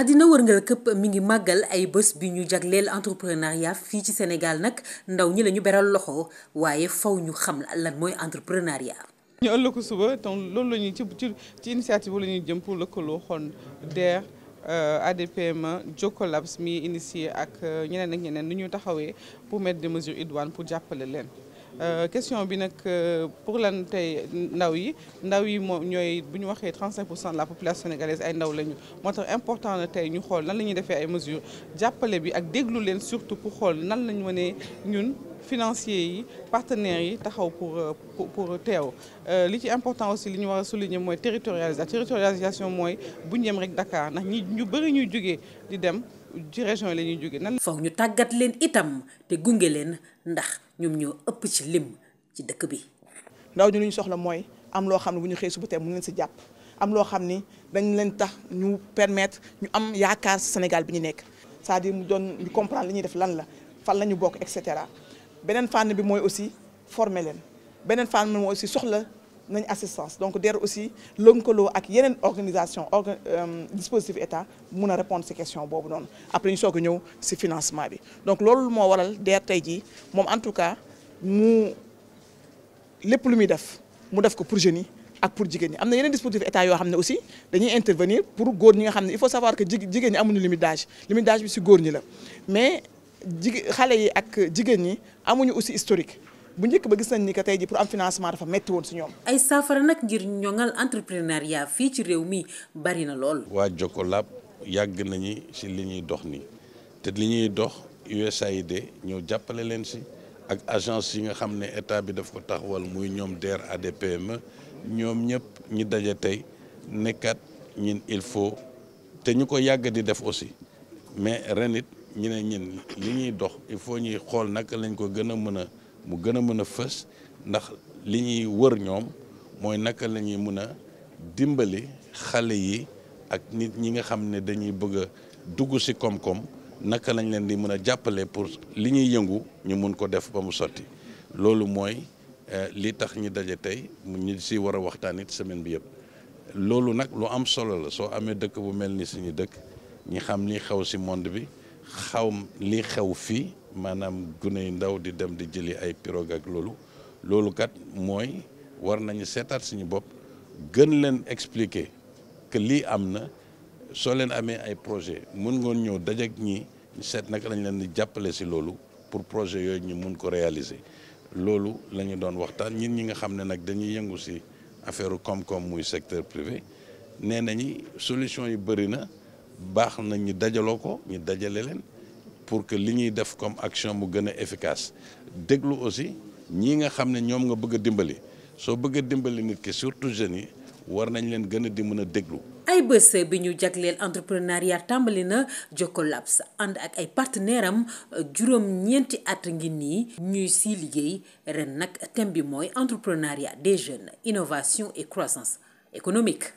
àddina wërngal këpp mi ngi màggal ay bés bi ñu jagleel entrepreneuriat fii ci senegal nag ndaw ñi lañu ñu beral loxo waaye faw ñu xam lan mooy entrepreneuriat. ñu ëllëg ko suba donc loolu la ñuy ci ci initiative la ñuy jëm pour lëkkaloo xoon DER. Euh, ADPME Jokolabs mi initié ak euh, ñeneen ak ñeneen nu ñu taxawee pour mettre des mesures pour jàppale leen. Euh, question bi nag euh, pour lan tey ndaw yi ndaw yi moom ñooy bu ñu waxee 35 pour cent de la population sénégalaise ay ndaw lañu moo tax important na tey ñu xool nan la ñuy defee ay mesures jàppale bi ak déglu leen surtout pour xool nan lañu mënee ñun. financiers yi partenaires yi taxaw pour euh, pour teew euh, li ci important aussi li ñu war a souligner mooy territorialisation territorialisation mooy bu ñu dem rek dakaar ndax ñi ñu bëri ñuy jógee di dem ci région yi la ñuy jógee nan foog ñu tàggat leen itam te gunge leen ndax ñoom ñoo ëpp ci lim ci dëkk bi ndaw ñu li ñu soxla mooy am loo xam ne bu ñu xëy suba tey mu leen si jàpp am xam ni dañ leen tax ñu permettre ñu am yaakaar Sénégal bi ñu nekk sa à dire mu doon ñu comprendre li ñuy def lan la fan la ñu bokk et cetera beneen fànn bi mooy aussi former leen beneen fànn bi mooy aussi soxla nañ assistance donc DER aussi lëkkaloo ak yeneen organisation orga euh, dispositif état mun a répondre si question boobu noonu après ñu soog a ñëw si financement bi donc loolu moo waral DER tey jii moom en tout cas mu lépp lu muy def mu def ko pour jeunes yi ak pour jigéen ñi am na yeneen dispositif état yoo xam ne aussi dañuy intervenir pour góor ñi nga xam ne il faut jigéen ñi amuñu limite d'âge limite bi si góor ñi la mais jigé xale yi ak jigéen ñi amuñu aussi historique bu njëkk ba gis nañ ni que tey ji pour am financement dafa metti woon si ñoom. ay saafara nag ngir ñoŋal entrepreneuriat fii ci réew mi bari na lool. waa Jokalante yàgg nañu si li ñuy dox ni te li ñuy dox USAID ñoo jàppale leen si ak agence yi nga xam ne état bi daf ko taxawal muy ñoom DER ADPME ñoom ñëpp ñi daje tey nekkat ñin il faut te ñu ko yàgg di def aussi mais ren it ñu ne ñun li ñuy dox il faut ñuy xool naka lañ ko gën a mën a mu gën a mën a fës ndax li ñuy wër ñoom mooy naka la ñuy mën a dimbali xale yi ak nit ñi nga xam ne dañuy bëgg a dugg ci koom-koom naka lañ leen di mën a jàppale pour li ñuy yëngu ñu mun ko def ba mu sotti loolu mooy euh, li tax ñu daje tey mu ñu si war a waxtaan it semaine bi yëpp loolu nag lu am solo la soo amee dëkk bu mel ni suñu dëkk ñi xam li xew ci monde bi xaw li xew fii maanaam gune yu ndaw di dem di jëli ay pirogue ak loolu loolu kat mooy war nañu seetaat suñu bopp gën leen expliquer que lii am na soo leen amee ay projet mun ngoon ñëw dajak ñi seet naka lañ leen di jàppale si loolu pour projet yooyu ñu mun ko réaliser loolu lañu doon waxtaan ñun ñi nga xam ne nag dañuy yëngu si affaire koom-koom muy secteur privé nee nañu solution yi bëri na baax na ñu dajaloo ko ñu dajale leen pour que li ñuy def comme action mu gën a efficace déglu aussi ñii nga xam ne ñoom nga bëgg a dimbali soo bëgg dimbali nit ki surtout jeunes yi war nañ leen gën a di mën a déglu. ay bés bi ñu jagleel entrepreneuriat tàmbali na Jokalabs ànd ak ay partenaire am juróom-ñeenti at ngi nii. ñuy si liggéey ren nag thème bi mooy entrepreneuriat des jeunes innovation et croissance économique.